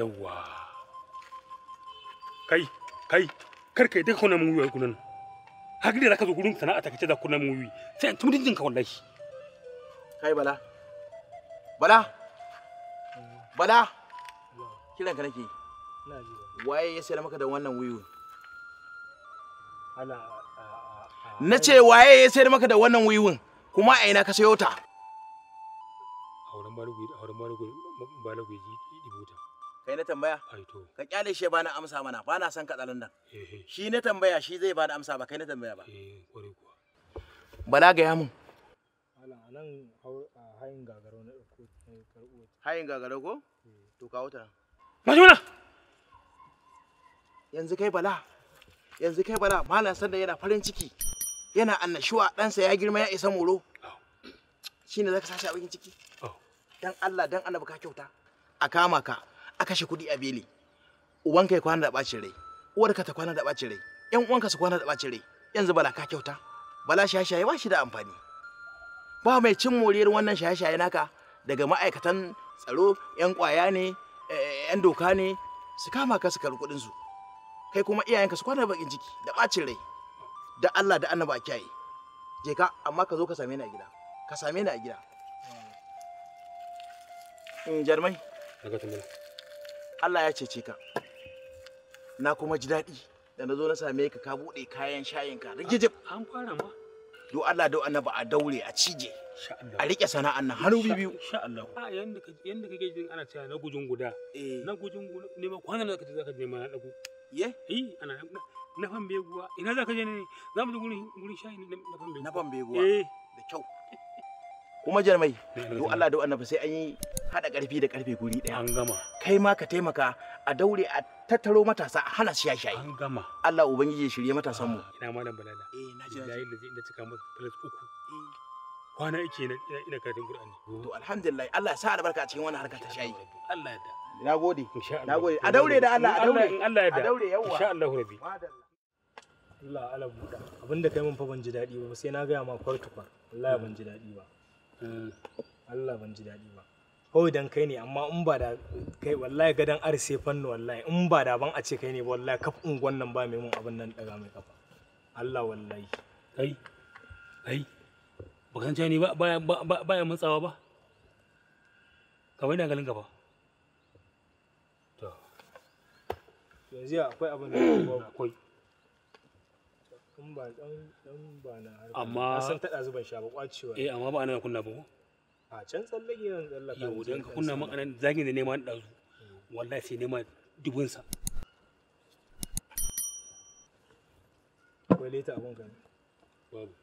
yawwa kai kai kar kai duka kuna mun wuyi kunan hakika da ka zo gurin sana'a ta da kuna mun wuyi sai an tumdin jinka wallahi kai bala bala bala kiran ka nake waye ya sayar maka da wannan wuyu na ce waye ya sayar maka da wannan wuyun kuma a ina ka sayo ta auren balagwai auren balagwai balagwai kai na tambaya ka kyale shi bani amsa mana ba na son katsalan nan eh, eh. shi na tambaya shi zai bani amsa ba kai na tambaya ba eh, bala ga yamu nan hayin gagaro na ɗauko hayin gagaro ko to kawo ta majuna yanzu kai bala yanzu kai bala malam sanda yana farin ciki yana annashuwa ɗansa ya girma ya isa moro shine zaka sashi a wajen ciki dan Allah dan annabi ka kyauta a kama ka kashe kuɗi a beli uwanka ya kwana da ɓacin rai uwarka ta kwana da ɓacin rai yan uwanka su kwana da ɓacin rai yanzu bala ka kyauta bala shaye-shaye ba shi da amfani ba mai cin moriyar wannan shaye-shaye naka daga ma'aikatan tsaro yan kwaya ne yan eh, doka ne su kama ka su karɓi kuɗin su kai kuma iyayenka su kwana da bakin ciki da ɓacin rai da Allah da annaba a kiyaye je ka amma ka zo ka same ni a gida ka same ni a gida eh. hmm, jarmai daga Allah ya cece ka na kuma ji daɗi da na zo na same ka ka buɗe kayan shayin ka rigijib an fara ma do Allah do annaba a daure a cije a rike sana'an nan hannu biyu insha Allah a yanda yanda kake jin ana cewa na gujin guda Eh. na gujin ne ma kwanan da kace zaka nema na dago ye eh ana na fan beguwa ina zaka je ne za mu je gurin gurin shayi na fan beguwa na fan beguwa eh da kyau kuma jarmai do Allah do annaba sai an yi haɗa ƙarfi da ƙarfe guri ɗaya. An gama. Kai ma ka taimaka a daure a tattaro matasa a hana shaye shaye. An gama. Allah Ubangiji ya shirye matasan mu. Ina malam Balala. Eh na ji. Yayin da zai inda cika masa filas uku. Eh. Kwana na ina karatun Qur'ani. To alhamdulillah Allah ya sa albarka a cikin wannan harka ta shayi. Allah ya da. Na gode. Na gode. A daure da Allah a daure. In Allah ya da. A daure yawa. Insha Allah Rabbi. Allah ala buɗa. Abinda kai mun fa ban ji daɗi ba sai na gaya ma kwartukwar wallahi ban ji daɗi ba. Hmm. Allah ban ji daɗi ba. kawai dan kai ne amma in ba da kai wallahi gadan arse fanni wallahi in ba da ban a ce kai ne ba wallahi kaf unguwan nan ba mai mun abin nan daga mai kafa Allah wallahi kai kai bakan ne ba ba ya mutsawa ba kawai na galin gaba to yanzu akwai abin da akwai in ba dan dan ba na harka amma san taɗa zuban sha ba kwacewa eh amma ba ana kunna ba ko a can tsallake yan tsallaka yau ka kunna maka nan zagin da neman ɗazu wallahi sai nema dubun babu